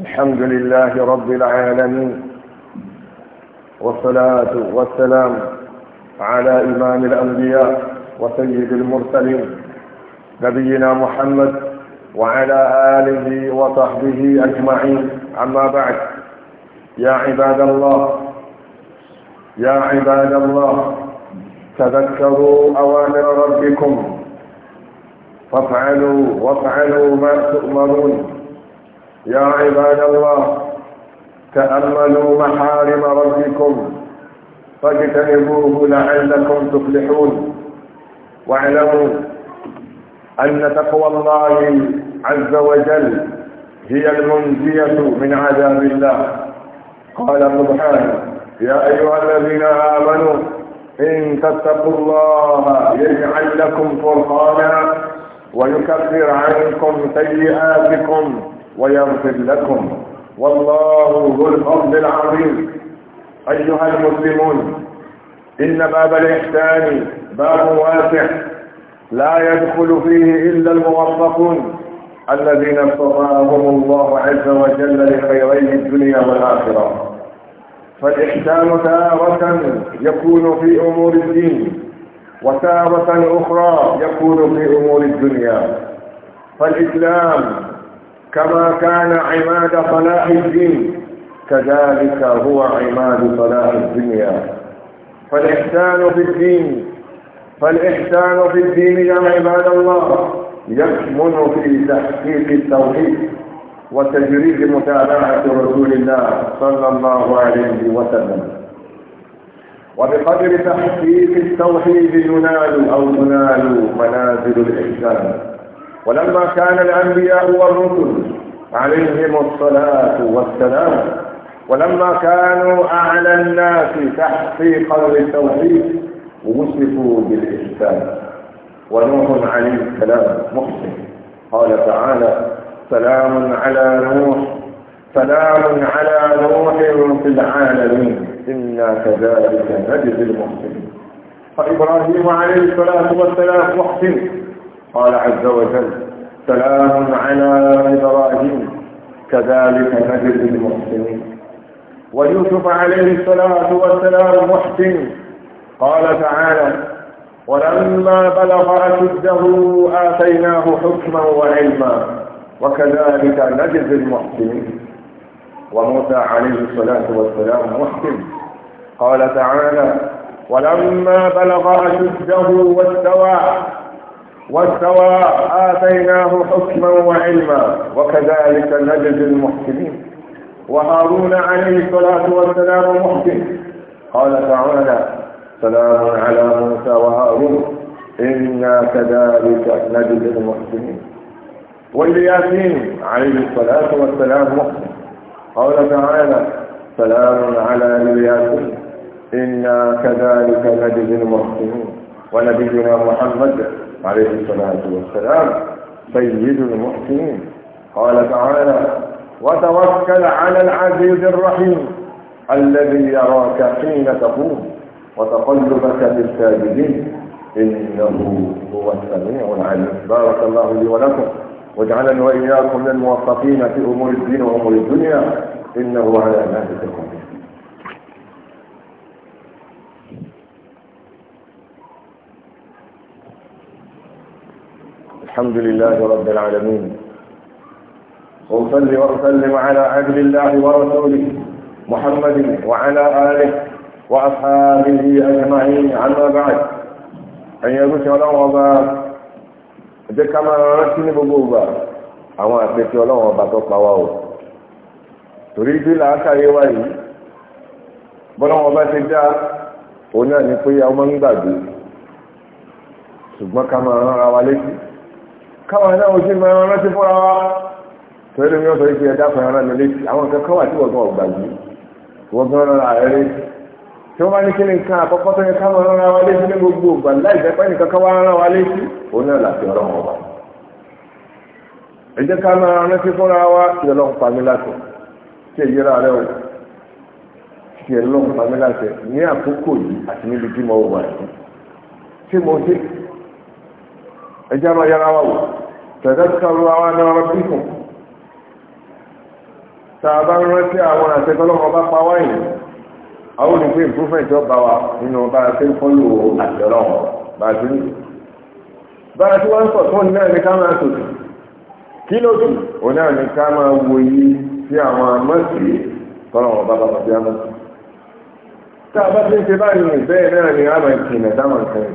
الحمد لله رب العالمين والصلاة والسلام على إمام الأنبياء وسيد المرسلين نبينا محمد وعلى آله وصحبه أجمعين أما بعد يا عباد الله يا عباد الله تذكروا أوامر ربكم فافعلوا وافعلوا ما تؤمرون يا عباد الله تأملوا محارم ربكم فاجتنبوه لعلكم تفلحون واعلموا أن تقوى الله عز وجل هي المنجية من عذاب الله قال سبحانه يا أيها الذين آمنوا إن تتقوا الله يجعل لكم فرقانا ويكفر عنكم سيئاتكم ويغفر لكم والله ذو الفضل العظيم أيها المسلمون إن باب الإحسان باب واسع لا يدخل فيه إلا الموفقون الذين اصطفاهم الله عز وجل لخيرين الدنيا والآخرة فالإحسان تارة يكون في أمور الدين وتارة أخرى يكون في أمور الدنيا فالإسلام كما كان عماد صلاح الدين كذلك هو عماد صلاح الدنيا فالإحسان في الدين فالإحسان في الدين يا عباد الله يكمن في تحقيق التوحيد وتجريد متابعة رسول الله صلى الله عليه وسلم وبقدر تحقيق التوحيد ينال أو تنال منازل الإحسان ولما كان الأنبياء والرسل عليهم الصلاة والسلام ولما كانوا أعلى الناس تحقيقا للتوحيد ووصفوا بالإحسان ونوح عليه السلام محسن قال تعالى سلام على نوح سلام على نوح في العالمين إنا كذلك نجزي المحسنين فإبراهيم عليه الصلاة والسلام محسن قال عز وجل سلام على إبراهيم كذلك نجزي المحسنين ويوسف عليه الصلاة والسلام محسن قال تعالى ولما بلغ أشده آتيناه حكما وعلما وكذلك نجزي المحسنين وموسى عليه الصلاة والسلام محسن قال تعالى ولما بلغ أشده واستوى واستوى آتيناه حكما وعلما وكذلك نجد المحسنين وهارون عليه الصلاة والسلام محسن قال تعالى سلام على موسى وهارون إنا كذلك نجد المحسنين والياسين عليه الصلاة والسلام محسن قال تعالى سلام على الياسين إنا كذلك نجد المحسنين ونبينا محمد عليه الصلاة والسلام سيد المحسنين قال تعالى وتوكل على العزيز الرحيم الذي يراك حين تقوم وتقلبك بالساجدين إنه هو السميع العليم بارك الله لي ولكم واجعلني وإياكم من الموفقين في أمور الدين وأمور الدنيا إنه على ذلك قدير الحمد لله رب العالمين وأصلي وأسلم على عبد الله ورسوله محمد وعلى آله وأصحابه أجمعين عما بعد أن يقول الله أبا ذكر ما رأسني بقوة àwọn àpẹẹtẹ ọlọ́run ọba tó pa wá o torí bí làákàyè wá yìí bọ́lọ́run ọba ti dá òun náà ni pé ọmọ ń gbàgbé ṣùgbọ́n ká máa rán ara wa létí káwọn náà ojú ma ẹran rántí fúnra wa torí mi ó sọ ìpè ẹ̀dá fún ẹran mi létí àwọn nǹkan kan wà tí wọ́n gbà yìí wọ́n gan rọra rẹ̀ létí tí wọ́n bá ní kí ni nǹkan àkọ́kọ́ tó yẹ káwọn rọra wa létí ní gbogbo ìgbà láì jẹ́ pé nìkan káwọn rọra wa létí òun náà láti ọ̀rọ̀ wọn wà. ẹ jẹ́ ká máa rántí fúnra wa kí ọlọ́run pa mí láti kí èyí rà rẹ̀ o kí ọlọ́run pa mí láti ní àkókò yìí àti níbi tí mo wà yìí tí mo ṣe ẹjá máa yára wà wò tẹ̀dẹ́kọ̀rọ àwọn anáwọ̀ bíkùn tàbá rántí àwọn àtẹ́kọ́lọ́wọ́ bá pa wáyìn àwọn olùgbé improvement ọba wa nínú bá a ṣe ń fọ́lù àtẹ́lọ́wọ́ bá a ṣe ń bá a ṣe wọ́n sọ tó náà ní ká máa tòtù kí ló dùn ó náà ní ṣe báyìí bẹ́ẹ̀ náà ni a máa ń kìnnà dáwọn kẹrin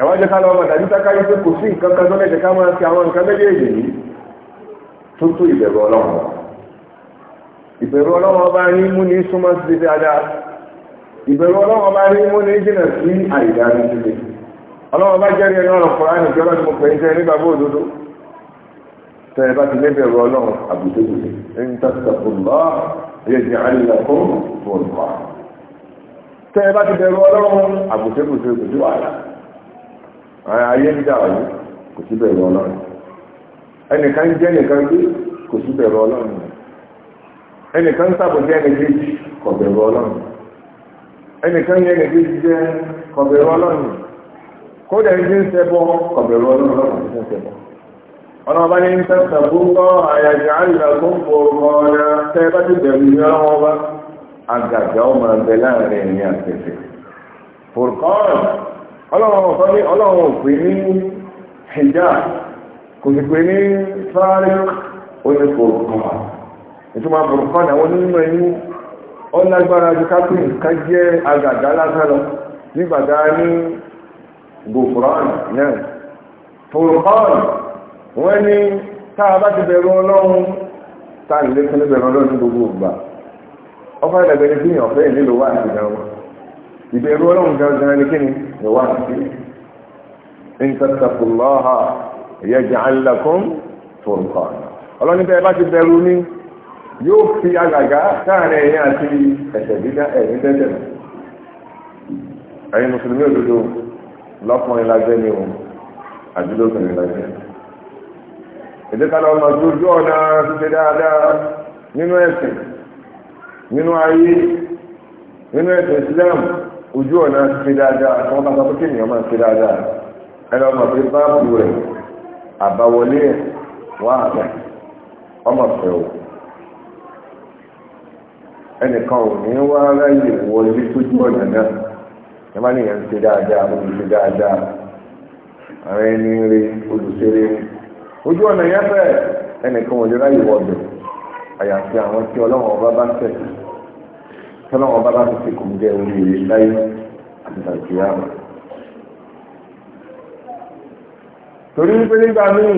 ẹ̀wọ́n jẹ́ ká lọ ọmọ tàbí tákà yìí pé kò sí nǹkan kan tó lẹ́jẹ̀ ká máa fi àwọn nǹkan méjèèjì yìí tó tó ìbẹ̀rù ọlọ́run ìbẹ̀rù ọlọ́run ọba ní mú ní súnmọ́ sí dáadáa ìbẹ̀rù ọlọ́run ọba ní mú ní jìnà sí àìdá ní sílẹ̀ ọlọ́run ọba jẹ́rìí ẹni ọ̀rọ̀ fọ́ra ní ìjọba tí mo pè ń tẹ́ nígbà bó òdodo tẹ́ ẹ bá ti lébẹ̀rù ọlọ́run àbùdó ń tàkùnlọ́ ayé ń dà wáyé kò sí bẹ̀rù ọlọ́run ẹnìkan jẹ́ ẹnìkan gbé kò sí bẹ̀rù ọlọ́run ẹnìkan sàbòjẹ́ ẹnìkejì kò bẹ̀rù ọlọ́run ẹnìkan yẹ ẹnìkejì jẹ́ kò bẹ̀rù ọlọ́run kódà ẹni ń ṣẹbọ kò bẹ̀rù ọlọ́run lọ́wọ́ ti ń ṣẹbọ ọ̀nà bá ní ń tẹ́sà púpọ̀ àyàjá ìlàkún pòrò ọ̀nà tẹ́ bá ti bẹ̀rù ní ọlọ́wọ́ bá àgàgà ọmọ ọlọ́run ọ̀sán ní ọlọ́run hijab kò sì onye ní sáré oníkòòkòwà ìtumọ̀ burúkán àwọn onímọ̀ kápín ká jẹ́ nígbàdá ní gòfúrán náà burúkán wọ́n ní tá bá ti bẹ̀rù ọlọ́run tá lè fún bẹ̀rù ọlọ́run gbogbo ìgbà ọfà ìdàgbẹ́ni fíyàn ọ̀fẹ́ ìlú wà àti ìdáwọn ọlọ́run ni لوحدي إن تتقوا الله يجعل لكم فرقانا الله نبي عباد بيروني yóò fi àgàgà káàrin ẹ̀yìn àti ẹ̀ṣẹ̀ dídá ẹ̀yìn dẹ́dẹ̀ ẹ̀yìn mùsùlùmí òdodo lọ́kùnrin lájẹ́ ni òun àdúgbò kùnrin lájẹ́ ìdíkàlọ́ ọmọ tó ojú ọ̀nà ṣíṣe dáadáa nínú ẹ̀sìn nínú ayé nínú ẹ̀sìn Islam ojú ọ̀nà fi dáadáa tí wọ́n ènìyàn máa fi dáadáa ẹni ọmọ pé báàbù rẹ̀ àbáwọlé ẹ̀ wá àbẹ̀ ọmọ fẹ́ o ẹnìkan ò ní wá ráyè wọlé sójú ọ̀nà náà ẹ má nìyẹn ṣe dáadáa olùṣe dáadáa àwọn ẹni rí ojú ọ̀nà yẹn tọ́lá ọba bá ti fi kòmùgẹ́ orí ilé láyé àti nàìjíríà torí wípé nígbà míì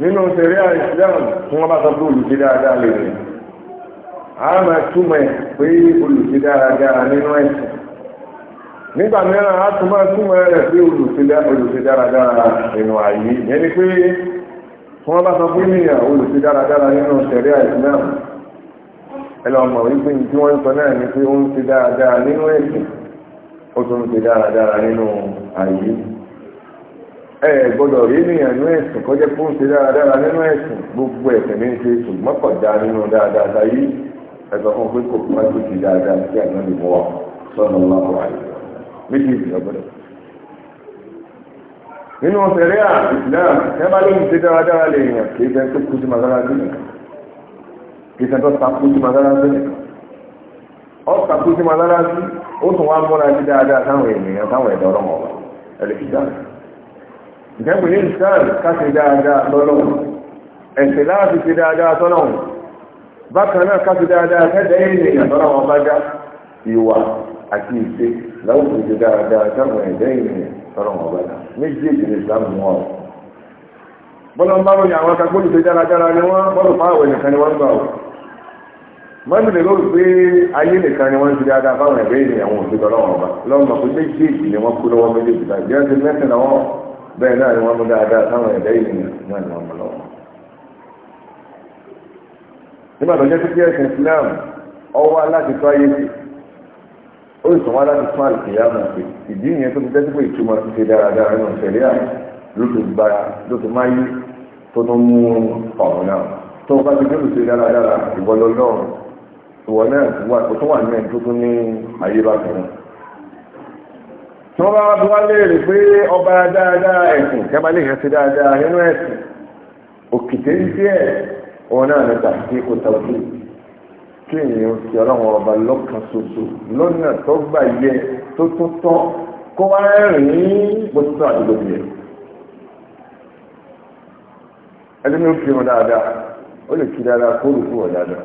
nínú sẹ̀ríà ìsìlámù tí wọ́n bá sọ pé olùsí dáadáa lè rìn a máa túmọ̀ ẹ̀ pé olùsí dáadáa nínú ẹ̀sìn nígbà mìíràn a tún ni túmọ̀ ẹ̀ pé olùsí dáadáa nínú ayé yẹn ni pé wọ́n bá sọ pé nìyà olùsí dáadáa nínú sẹ̀ríà ìsìlámù ẹlọ́mọ̀ wípé tí wọ́n sọ náà ni pé ó ń ṣe dáadáa nínú ẹ̀sìn ó tún ń ṣe dáadáa nínú àyè ẹ gbọ́dọ̀ rí ènìyàn nínú ẹ̀sìn kọjá pé ó ń ṣe dáadáa nínú ẹ̀sìn gbogbo ẹ̀sìn ní ṣe ṣùgbọ́n kọ̀ dáa nínú dáadáa láyé ẹ̀sọ́ fún pé kò má tó ti dáadáa sí àná lè mọ́ wa sọ́nà ọlọ́run àyè méjì ìgbàgbọ́dọ̀ nínú ọ̀sẹ̀ rẹ̀ àti ìsìlámù ẹ bá lóun ṣe dáadáa lè yàn kì í fẹ́ tó kú sí màgálá ìsẹ̀tọ́ takú sí madarasi nìkan ọ takú sí madarasi ó tún wá múra sí dáadáa táwọn ènìyàn táwọn ẹ̀dọ́ ọlọ́mọ ọba ẹ̀lẹ́kìtà ìjẹ́pù ní ìsáàlì káṣe dáadáa lọ́lọ́wọ́ ẹ̀sẹ̀ láti ṣe dáadáa tọ́lọ́wọ́ bákan náà káṣe dáadáa kẹ́dẹ̀ ènìyàn tọ́lọ́wọ́ bá dá ìwà àti ìṣe láwùjọ ṣe dáadáa táwọn ẹ̀dẹ́ ènìyàn tọ́lọ́wọ́ bá dá méjèèjì ní ìsìlámù wọn bọ́lọ́ ń bá lóyún àwọn akẹ́kọ̀ọ́ mọ́tìlẹ̀ lórí pé ayé nìkan ni wọ́n ti di ada fáwọn ẹ̀gbẹ́ ìrìn àwọn òṣèlú ọlọ́wọ́n ọba lọ́mọ pé méjèèjì ni wọ́n kú lọ́wọ́ méjèèjì báyìí bí wọ́n ti mẹ́sìn lọ́wọ́ bẹ́ẹ̀ náà ni wọ́n mú dáadáa fáwọn ẹ̀gbẹ́ ìrìn náà ni wọ́n mú lọ́wọ́. nígbà tó jẹ́ pípẹ́ ẹ̀sìn Islam ọwọ́ aláti tó ayé sí ó sì wọ́n aláti tó àlùkìyà mọ̀ sí ìdí ìyẹn tó ti jẹ́ pípẹ́ ìtumọ̀ ti ṣe dáradára nínú ìṣẹ̀lẹ̀ à ló ti máyé tó tó mú ọ̀run náà tó bá ti dúró ṣe dáradára ìbọ̀lọ́lọ́run ìwọ náà wà tó tún wà ní ẹ̀dùn tó ní ayé bá tẹ̀lé tí wọ́n bá wá bí wá léèrè pé ọba dáadáa ẹ̀sìn kẹ́bà lè hẹ́sẹ̀ dáadáa nínú ẹ̀sìn òkìtẹ́ díẹ̀ wọn náà ní tàbí kò tàbí kí ènìyàn ti ọlọ́run ọba lọ́kàn ṣoṣo lọ́nà tó gbà yẹ tó tó tọ́ kó wá rìn ní gbòtútù àdúgbò yẹ ẹni mi ò kí wọn dáadáa ó lè kí dáadáa kó rù fún wọn dáadáa.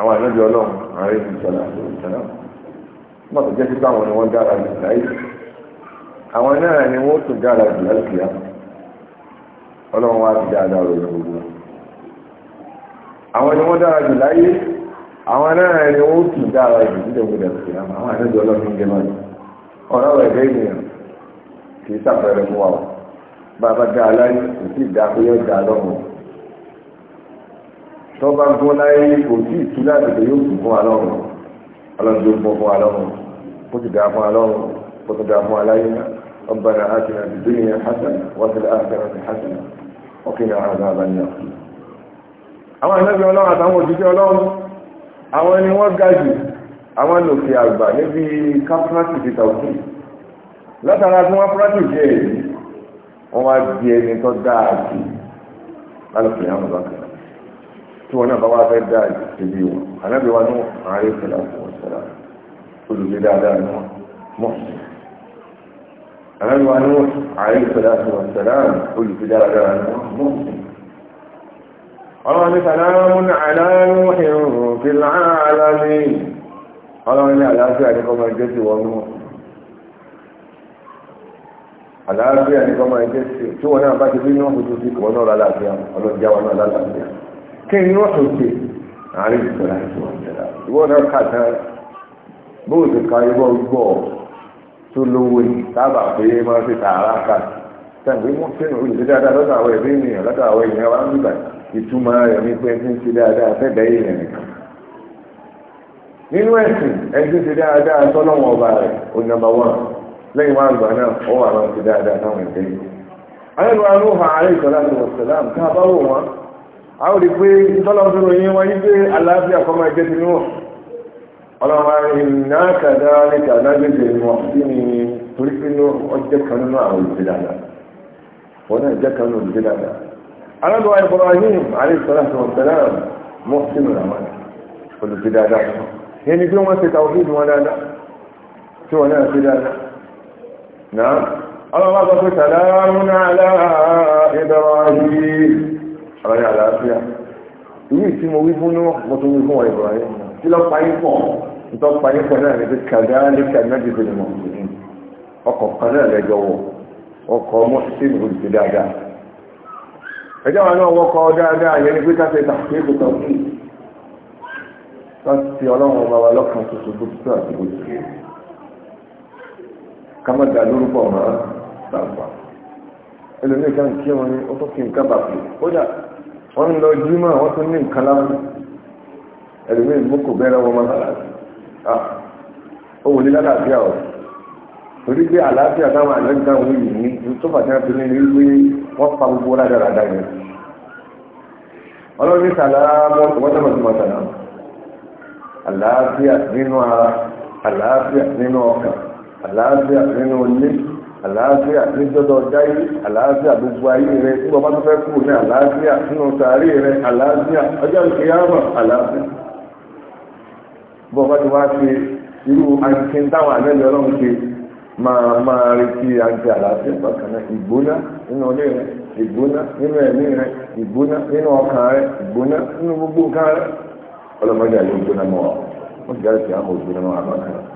àwọn ànábì ọlọ́run ààrẹ ìṣọ̀lá ìṣọ̀lá wọ́n tó jẹ́ sí pé àwọn ni wọ́n dára jù láyé àwọn náà ni wọ́n tún dára jù lálùkìyà ọlọ́run wá ti dáadáa ròyìn gbogbo àwọn ni wọ́n dára jù láyé àwọn náà ni wọ́n tún dára jù nílẹ̀ gbogbo lálùkìyà àwọn ànábì ọlọ́run ń gẹ́ mọ́ni ọ̀rọ̀ ẹ̀gẹ́ ènìyàn kì í sàpẹẹrẹ fún wa bàbá dáa láyé kò sí ìdá dáa tó bá gbọ́ láyé kò sí ìtura àtẹ̀tẹ̀ yóò kù fún alọ́run ọlọ́dún gbọ́ fún alọ́run kó ti dáa fún alọ́run kó ti dáa fún aláyé ọ̀bàrà àti àdìdúyìn yẹn hasan wọ́n ti dáa fún hasan ọkìnà àgbà àbáyé àwọn ànábì ọlọ́run àtàwọn òṣìṣẹ́ ọlọ́run àwọn ni wọ́n ga jù àwọn lòkè àgbà níbi kápúrátì ti tàwùkì látara tí wọ́n púrátì jẹ́ èyí wọ́n wá di ẹni tó dáa jù lálùkè àwọn bàkàrà tí wọn náà bá wá fẹ́ dá ìdíbi wọn anábì wa nù ààrẹ ìfẹ́lá fún ọ̀sẹ̀lá olùgbé dáadáa nù mọ̀ anábì wa nù ààrẹ ìfẹ́lá fún ọ̀sẹ̀lá olùgbé dáadáa nù mọ̀ ọlọ́run ní sàlámùn aláàánú ìrùn fi láàálámi ọlọ́run ní àlàáfíà ní kọ́mọ ẹgbẹ́ ti wọ́n mú àlàáfíà ní kọ́mọ ẹgbẹ́ ti tí wọn náà bá ti bí náà fojú sí kọ́mọ náà lálàáfíà ọlọ́run jáwọn náà kí ni wọ́n tún ṣe àárín ìṣòro àti ìwọ̀njẹ́ra ìwọ náà kàtà bóòsì kan ìwọ gbọ́ tó lówó ní sábà pé máa fi tààrà kà sàgbé wọn ṣe nù olùdíje dáadáa lọ́dọ̀ àwọn ẹ̀mí ènìyàn lọ́dọ̀ àwọn ènìyàn wa ń bìbà ìtumọ̀ rẹ̀ ní pé ẹni ṣe dáadáa fẹ́ẹ̀dẹ́ èèyàn nìkan nínú ẹ̀sìn ẹni ṣe dáadáa sọ́lọ́wọ́n ọba rẹ̀ ó nàmbà wọn lẹ́yìn wọn àgbà náà ó wà máa ṣe a ó rí pé tọ́lọ́mùsọ̀rọ̀ yín wáyé pé aláàfíà kọ́ máa jẹ́ ti níwọ̀n ọlọ́run iná kàdá ní kàdá gbèsè mọ̀ sí ni torí pé ọjọ́ kan nínú àwọn olùgbé dáadáa wọn náà jẹ́ kan nínú olùgbé dáadáa. alágbàwá Ibrahim alayhisalaam sọ̀rọ̀ sẹ́lẹ̀ mọ̀ sí ni wọ́n wọn tí wọ́n náà náà bá ìwé tí mo wí fún ní mo tún wí fún ọ̀rẹ́ rẹ̀ tí lọ́ pa yín pọ̀ nítorí pa yín pọ̀ náà ní pé kàdá lè kàdá dìbò ni mo ọkọ̀ kan náà lẹ́jọ́ wọ̀ ọkọ̀ ọmọ sí ìlú ti dáadáa ẹjọ́ wa náà wọ́kọ̀ dáadáa yẹn ní pé káṣẹ́ tàbí kò tọ́ sí láti ọlọ́run ọba wa lọ́kàn tuntun bó ti tó àti bó ti ká má dà lórúkọ ọ̀rọ̀ tàbá ẹlòmíì kan kí wọn ní ó tó kí nǹkan bàbá wọ́n ń lọ jímọ̀ wọ́n tún ní nǹkan láwọn ẹ̀lùmí ìmúkò bẹ́rẹ̀ wọn máa ó wòlé lálàáfíà ọ̀ torí pé àlàáfíà táwọn àlẹ́gbà wọn yìí ní ju tó bàtí wọn fi ní ní pé wọ́n pa gbogbo rádaràdà yẹn ọlọ́run ní sàlámọ́ wọ́n tẹ́mọ̀ sí mọ̀tàlá àlàáfíà nínú ara àlàáfíà nínú ọkàn àlàáfíà nínú ilé àlàáfíà níjọ́dọ̀ dáyé àlàáfíà gbogbo ayé rẹ nígbà bá tó fẹ́ kú ní àlàáfíà nínú sàárè rẹ àlàáfíà ọjọ́ ìkẹyàmọ̀ àlàáfíà bọ́ bá ti wá ṣe irú àǹkí táwọn àlẹ́lẹ́ ọlọ́run ṣe máa máa retí àǹkí àlàáfíà bákan náà ìgbóná nínú ilé rẹ ìgbóná nínú ẹ̀mí rẹ ìgbóná nínú ọkàn rẹ ìgbóná nínú gbogbo nǹkan rẹ ọlọ́mọdé àyè ìgbóná mọ́ ọ wọ́n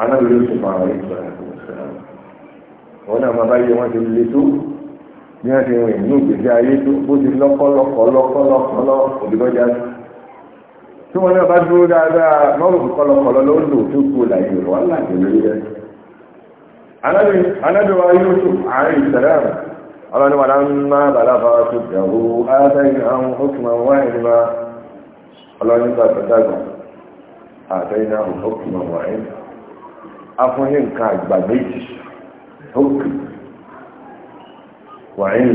anábì Yusuf àwọn ìgbà wọn náà máa bá yẹ wọn ti le tó bí wọn ti rìn ní ògbèsè ayé tó bó ti lọkọlọkọlọkọlọ òdìbọjá tí wọn náà bá dúró dáadáa mọ́rùn kọlọkọlọ ló ń lò tó kú láyé rẹ wọn láti rí rẹ. anábì wa Yusuf àárín ìṣẹ̀lẹ̀ rẹ̀ ọlọ́ni wà láńmá tó dẹ̀wò ádẹ́yìn wáyé afún ní nǹkan àgbà méjì mima wàhálì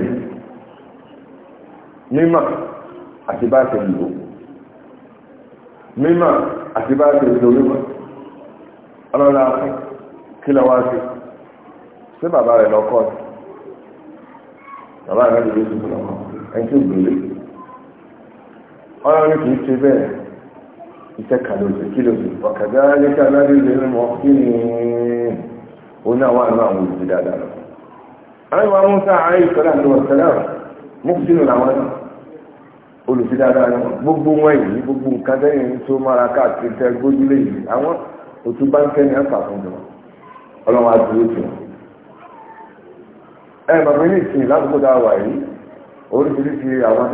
mímọ̀ àti bá ṣe lò mímọ̀ àti bá ṣe lò mímọ̀ ọlọ́lá fún kí lọ wá sí sí bàbá rẹ̀ lọ́kọ́ sí bàbá rẹ̀ lọ́kọ́ ẹni tí ò kì í ṣe ìtẹ́ka lóṣù kí lóṣù ọ̀kadà lẹ́ka lábẹ́lẹ́ mọ́ kí ni oní àwọn àánú àwọn òṣì dáadáa lọ. àwọn ìwà musa àárín ìsọ́lá ní ọ̀sẹ̀lá mú sínú làwọn náà olùsí dáadáa ni gbogbo wọn yìí gbogbo nǹkan tẹ́yìn tó mára káàkiri tẹ́ gbójúlé yìí àwọn òtún bá ń ẹ̀fà fún jọ ọlọ́run àdúró jù ẹ bàbá ní ìsìn ládùúgbò dáwà yìí oríṣiríṣi àwọn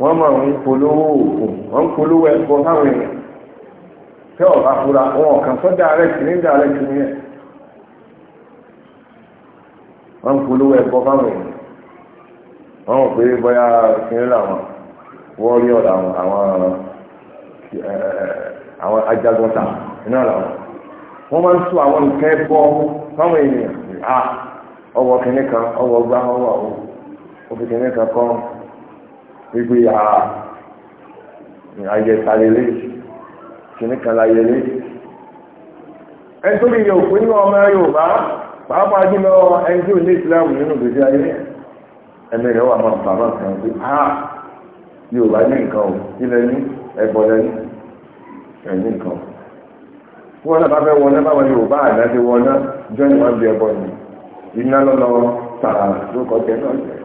wọ́n máa ń polówó òògùn wọ́n ń polówó ẹ̀kọ́ káwọn èèyàn tẹ́ ọ̀bá fura wọn kàn sọ direct ní direct ní ẹ̀ wọ́n ń polówó ẹ̀kọ́ káwọn èèyàn wọ́n mọ̀ pé bóyá kìnìún làwọn ọ̀dà àwọn àwọn eh, iná làwọn wọ́n máa ń sọ àwọn nǹkan ẹ̀kọ́ káwọn èèyàn ah, ọwọ́ kan ọwọ́ gbá ọwọ́ wípé àjẹsàlélé ah, kìíní kan láyẹlé ẹni tó lè yẹ ní ọmọ Yorùbá pàápàá jùlọ ẹni tí ò ní Islam nínú gbèsè ayé ẹni rẹ̀ wà máa bàbá kan pé ha ah, Yorùbá ní nǹkan ò ilẹ̀ ní ẹ̀bọ̀ lẹ́ní ẹ̀ní nǹkan tí wọ́n bá fẹ́ wọná báwọn Yorùbá àdá wọná jọ́ni wọn bí ẹbọ ni iná lọ́nà tààrà ló kọjá náà jẹ́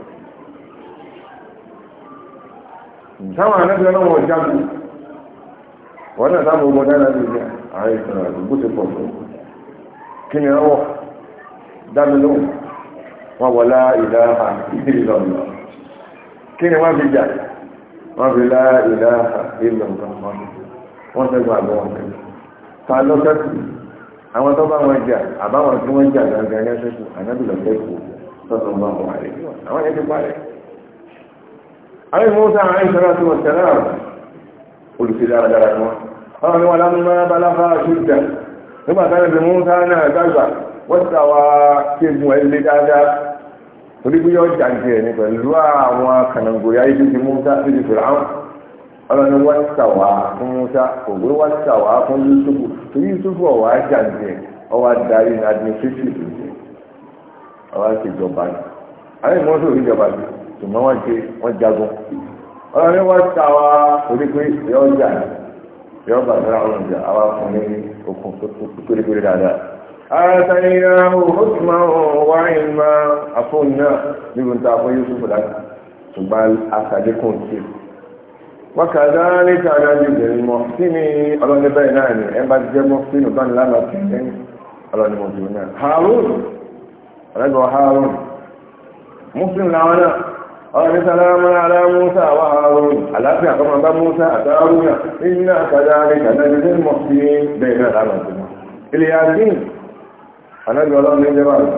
táwọn anábì ọlọ́wọ́ ọjà wọ́n náà táwọn ọmọdé anábì ọjà àwọn ìṣẹ̀lẹ̀ àdúgbò ti pọ̀ tó kí ni ọwọ́ dámi lóhùn wọn lá ìlàhà ìlọ̀lọ̀ kí ni wọ́n fi jà wọ́n fi lá ìlàhà ìlọ̀lọ̀ wọ́n sẹ́gun àgbọ̀ wọn sẹ́gun àwọn tó àwọn Mùsá àwọn ìṣọ́lá tó wọ̀n tẹ̀lá olùsílára dára wọn àwọn ìwọ̀n lámúmá baláfà ṣúdà nígbà táwọn ìbí Mùsá náà gbàgbà wọ́n tàwa kéegun ẹ̀lẹ́ dáadáa torí bí yóò jàǹtì ẹ̀ ní pẹ̀lú àwọn kànàngòrì ayé ti Mùsá sí ti fìlà áwọn ọlọ́ni wọ́n tàwa fún Mùsá òwe wọ́n tàwa fún Yusufu torí Yusufu ọ̀wà jàǹtì ẹ̀ ọwà darí administrative ọwà ṣèjọba ni àwọn ìmọ̀ọ́sọ̀ ìjọba ni ṣùgbọ́n wọ́n ṣe wọ́n jagun ọ̀rọ̀ ní wọ́n ta wa torí pé yọ ọjà yọ ọba ìlera ọ̀rọ̀ ìjà àwa fún ní okùn pérépéré dáadáa. àtàyìnrà òhùnmá wà ìmá àfọ̀n náà níbi ń ta fún Yusuf láti ṣùgbọ́n àtàdékùn sí. wákàtá ní káàdá ju ìbẹ̀rù mọ́ kí ni ọlọ́ni bẹ́ẹ̀ náà ni ẹ bá jẹ́ mọ́ sínú bá ní lánàá kẹ́kẹ́ ọlọ́ni mọ̀ jù náà. Harun ọ̀rẹ́gbọ̀ Muslim làwọn ọ̀rẹ́ sálámà alá Musa wà Harun àlàáfíà kọ́mọ bá Musa àtàrúnà iná kàdáre kàdáre ní mọ̀ sí bẹ́ẹ̀ náà lánà sí wọn. Ìlíyàdín anábì ọlọ́run ní jẹ́wà rẹ̀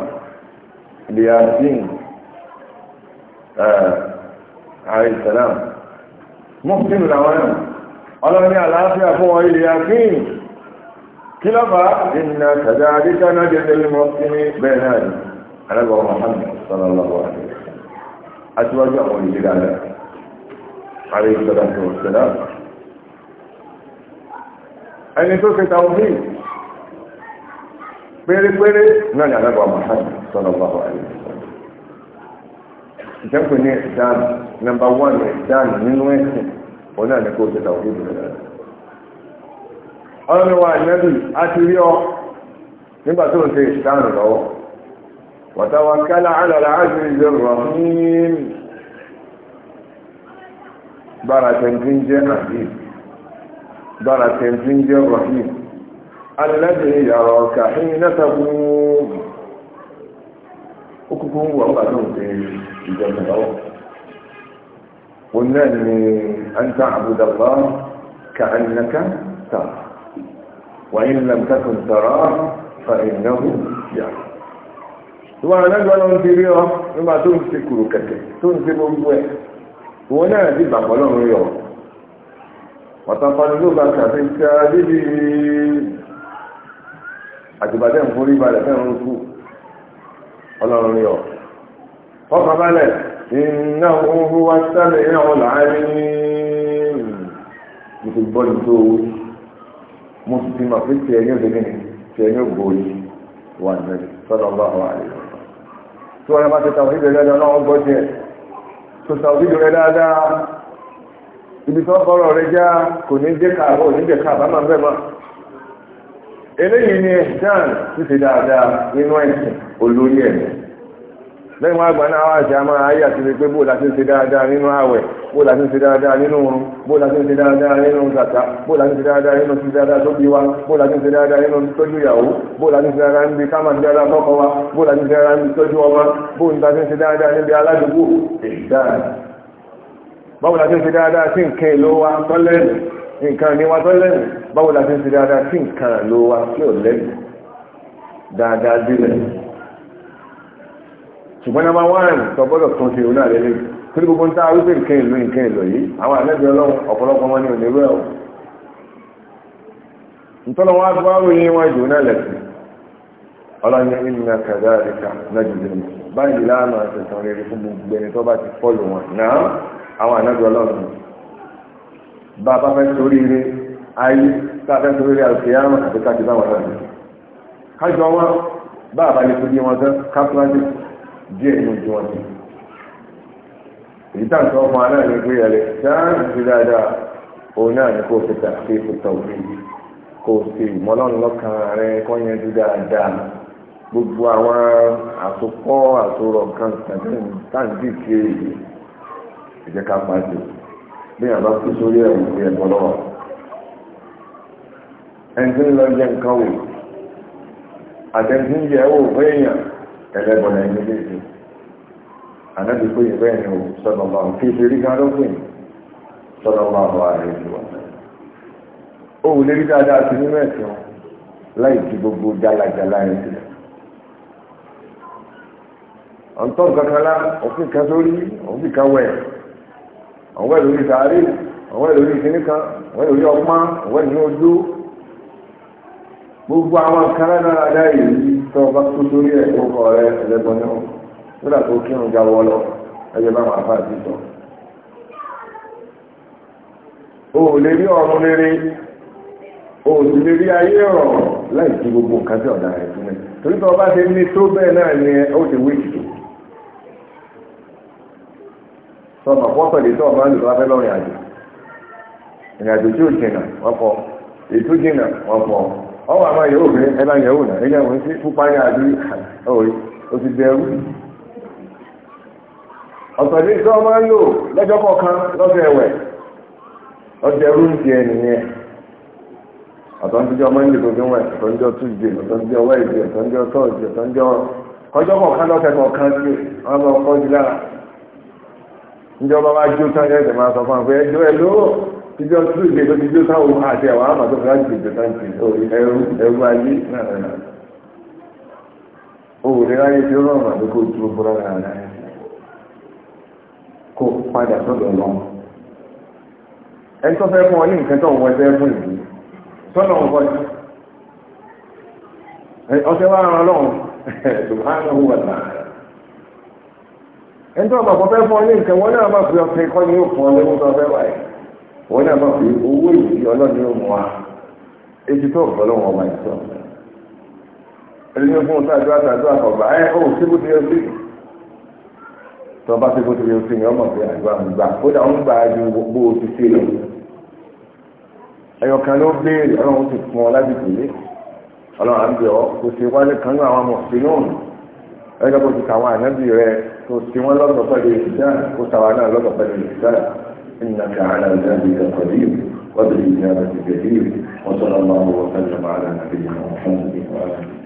Ìlíyàdín ààrẹ ìsàlám mọ́sílù làwọn náà ọlọ́run ní àlàáfíà fún wọn Ìlíyàdín kí lọ́fà iná kàdáre kàdáre ní mọ̀ sí bẹ́ẹ̀ náà lánà aṣíwájú àwọn olùgbé dáadáa ààrẹ ìjọba tó ń ṣẹlá ẹni tó ṣe táwọn bíi pérépéré náà ní alábọ̀ àmàhàn sọ̀rọ̀ bá wà ní ìjẹ́pẹ̀ ní ìdáhùn nọ́mbà wán ní ìdáhùn nínú ẹ̀sìn òun náà ní kó ṣe táwọn bíi bẹ̀rẹ̀ dáadáa ọlọ́run wa ìnáàbì á ti rí ọ nígbà tó ń ṣe ìdáhùn lọ́wọ́ وتوكل على العزيز الرحيم بركة الجنج الرحيم بركة الجنج الرحيم الذي يراك حين تقوم أكبر والله نوتي إذا تقوم قلنا أني أن تعبد الله كأنك ترى وإن لم تكن تراه فإنه يعلم ìwọ ànágbà ló ń ti rí ọ nígbà tó ń ti kùrù kẹ̀kẹ́ tó ń ti gbogbo ẹ̀ ìwọ náà ti bàbọ̀ lọ́rùn yọ ọ̀tàfàdé ló bá kàfé ká dídí àtìbàdẹ́ nǹkan balẹ̀ fẹ́ràn ń kú ọlọ́run yọ ọkàn balẹ̀ iná òhun wá sálẹ̀ iná wọn láàárín mo ti tó owó mo sì ti mọ̀ pé tiẹ̀ ní òdegbe tiẹ̀ ní ògbóyè wà nẹ́ẹ̀ sọ́dọ̀ ọba wà nẹ́ẹ̀. tí wọ́n bá ti tàwídì rẹ̀ dáadáa wọ́n gbọ́ tó tàwídì rẹ̀ dáadáa ibi tó bọ́rọ̀ rẹ̀ já kò ní jẹ́ kààbọ̀ ní jẹ́ máa fẹ́ mọ́ eléyìí ni ẹ̀sán ti ṣe dáadáa nínú ẹ̀sìn lẹ́yìn wọn àgbà náà wáṣẹ a máa ayé àti pé bó la ti ń ṣe dáadáa nínú ààwẹ̀ bó la ti ń ṣe dáadáa nínú oorun bó la ti ń ṣe dáadáa nínú kàkà bó la ti ń ṣe dáadáa nínú ti dáadáa tó bí wa bó la ti ń ṣe dáadáa nínú tọ́jú ìyàwó bó la ti ń ṣe dáadáa níbi káma ti dáadáa tọkọ wa bó la ti ń ṣe dáadáa níbi tọ́jú ọmọ bó la ti ń ṣe dáadáa níbi aládùúgbò dáadáa báwo la ti ń ṣe dáadáa sí nǹkan èlò wa tí ṣùgbọ́n náà máa wá ẹ̀rù tó gbọ́dọ̀ tún ṣe oná rẹ̀ lé torí gbogbo ń tá a wípé nǹkan ìlú nǹkan ìlú yìí àwọn àlejò ọlọ́run ọ̀pọ̀lọpọ̀ wọn ni ò ní rẹ̀ o ntọ́lọ́ wọn á wọ yín wọn jù náà lẹ̀sìn ọlọ́run yẹn nínú kàdá àríkà náà jù lẹ́nu báyìí láàánú àtẹ̀sán rere fún gbogbo ẹni tó bá ti fọ́lù wọn náà àwọn àlejò ọlọ́run bàbá fẹ́ sórí ayé tá a fẹ́ sórí díẹ̀ nínú tí wọ́n ti èyí tá à ń sọ fún aná ní pé ẹlẹ sáájú ti dáadáa òun náà ni kò fi tàbí kò tọ̀wé kò sí ìmọ́lọ́run lọ́kàn rẹ kọ́ yẹn ju dáadáa gbogbo àwọn àsopọ̀ àsorọ̀ kan tàbí táǹdì kiri yìí ẹ̀jẹ̀ ká pàṣẹ bí àbá kú sórí ẹ̀wù pé ẹ̀bọ lọ́wọ́ ẹni tí ń lọ jẹ nǹkan wò àtẹ̀ntì wò fún èèyàn ẹlẹ́bọ̀lẹ̀ méjèèjì ànábì pé ìwé ẹ̀yìn òun sọ́nà ọba òun kí ṣe rí gan lópin sọ́nà ọba ọba rẹ̀ ti wà. òun lè rí dáadáa sí nínú ẹ̀sìn wọn láì ju gbogbo jálajàla ẹ̀ sílẹ̀. ọ̀ntọ́ kankan lá òfin kan sórí òfin kan wẹ̀ ọ̀wẹ́ lórí sàárè ọ̀wẹ́ lórí kíní kan ọ̀wẹ́ lórí ọpọ́n ọ̀wẹ́ lórí ojú gbogbo àwọn kan lára dáa yìí tó o bá tó sórí ẹ̀ kó kọ rẹ ẹlẹ́bọn náà nígbà tó kírun já lọ o ò lè rí rere o ò sì rí ayé ọrụ láì gbogbo nǹkan tí ọ̀dà rẹ̀ torí tó o bá ti ní tó bẹ́ẹ̀ náà ni ó ti wé ìtò. tó o máa ń ọwọ́ àmà yẹ̀wò pé ẹbá yẹ̀wò náà ẹgbẹ́ wọn sí fún si àbí òòrì ó ti dẹrú ọ̀sán ní sọ máa ń lò lọ́jọ́ kọ̀ọ̀kan lọ́sẹ̀ ẹ̀wẹ̀ ọdẹrú ndị tiẹ̀ nìyẹn ọ̀tọ́njọ́ mọ́ndé tó ndị wẹ̀ ọ̀tọ́njọ́ túsdé ọ̀tọ́njọ́ wẹ́ẹ̀dẹ̀ ọtọ ndị ọtọ ndị Ndị sọ ìjọ tún ìgbé tó ti jó sáwọn àti àwọn àmàtó fún láti ìjọ táǹkì ẹrú ẹrú ayé náà òwò ní láyé tí ó rọrùn àti kó dúró fúnra rà rà kó padà sọ́dọ̀ lọ ẹni tó fẹ́ fún ọ ní nǹkan tó ń wọ ẹsẹ̀ fún ìlú sọ́nà ọ̀pọ̀ ọ̀sẹ̀ wa ràn lọ́wọ́ ṣùgbọ́n wà láàárọ̀ ẹni tó ọ̀pọ̀ fẹ́ fún ọ ní nǹkan wọn náà bá fi ọ̀sẹ̀ ní òfin ọ̀lẹ́wọ́n tó fẹ́ wáyé wọ́n náà máa fi owó yìí ọlọ́ni ó mú wa ètò tó ọ̀pọ̀ lọ́wọ́ ọmọ ìtọ́ ẹlẹ́yìn fún ṣáàdúrà ṣáàdúrà kọ̀ọ̀bà ẹ ó ṣé bó ti yẹ sí tó bá ṣe bó ti yẹ sí ni ọmọ pé àdúrà ń gbà kódà ń gbà ju gbogbo ti ṣe lọ ẹyọ kan ló béèrè ọlọ́run ti fún ọ láti tèlé ọlọ́run àbí ọ kò ṣe wáyé kan ní àwọn ọmọọ̀sí náà ẹgbẹ́ bó ti tàwọn ànábì kò ṣe tàwọn náà إنك على ذلك قدير وبالإجابة كثير وصلى الله وسلم على نبينا محمد آله